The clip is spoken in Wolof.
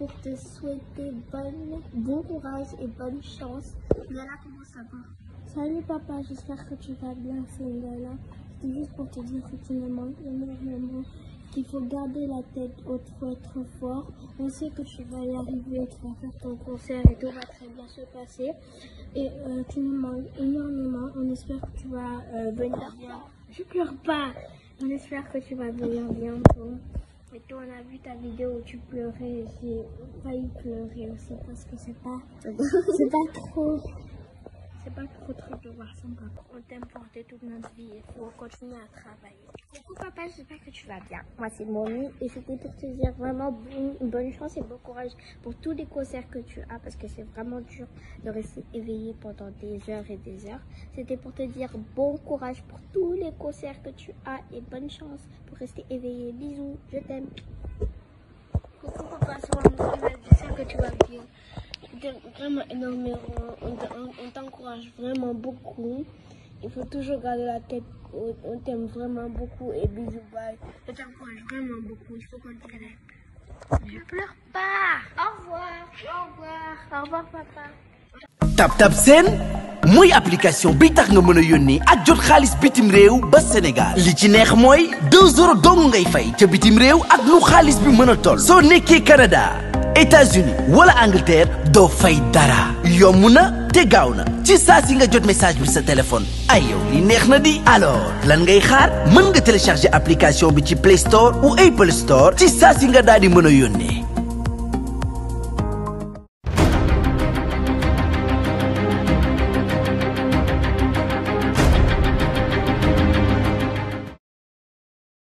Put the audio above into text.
pour te souhaiter bonne, bon et bonne chance. Lola, comment ça va Salut papa, j'espère que tu vas bien, c'est Lola. C'était juste pour te dire que tu me manques qu'il faut garder la tête haute, faut être fort. On sait que tu vas arriver, très bien se passer. Et euh, tu me manques énormément, on espère que tu vas euh, venir bien. Je Mais toi, on a vu ta vidéo où tu pleurais, j'ai failli pleurer aussi parce que c'est pas, c'est pas trop c'est papa. On t'aime porter que tu vas bien. Moi c'est Mommy et c'était pour te dire vraiment bonne chance et bon courage pour tous les concerts que tu as parce que c'est vraiment dur de rester éveillé pendant des heures et des heures. C'était pour te dire bon courage pour tous les concerts que tu as et bonne chance pour rester éveillé. Bisous, je t'aime. Coucou papa, c'est Mommy, j'espère que tu vas bien. t'aime vraiment énormément. On, on, on t'encourage beaucoup. Il faut toujours garder la tête. On t'aime vraiment beaucoup et bisous, bye. On t'encourage vraiment beaucoup. Il faut qu'on te connaisse. Tap Tap Seen mooy application bi tax nga mën a yónnee ak jot xaalis bitim réew ba Sénégal li ci neex mooy 2 euros dong ngay fay ca bitim réew ak lu xaalis bi mën a toll soo nekkee Canada États-Unis wala Angleterre doo fay dara yomb na te gaaw na ci saa si nga jot message bi sa téléphone ay yow neex na di alors lan ngay xaar mën nga télécharger application bi ci Play Store ou Apple Store ci saa si nga daal di mën a yónnee